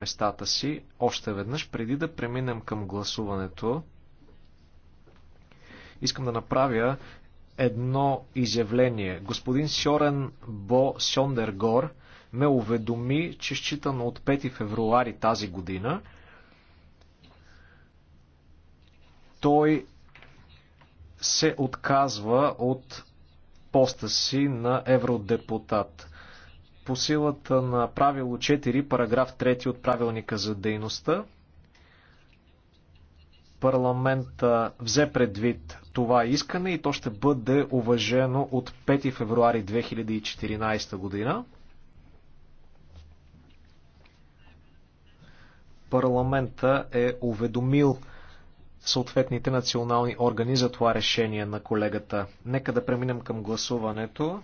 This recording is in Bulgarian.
местата си още веднъж, преди да преминем към гласуването. Искам да направя едно изявление. Господин Сьорен Бо Сьондергор ме уведоми, че считано от 5 февруари тази година, той се отказва от поста си на евродепутат по силата на правило 4, параграф 3 от правилника за дейността. Парламент взе предвид това искане и то ще бъде уважено от 5 февруари 2014 година. Парламента е уведомил съответните национални органи за това решение на колегата. Нека да преминем към гласуването.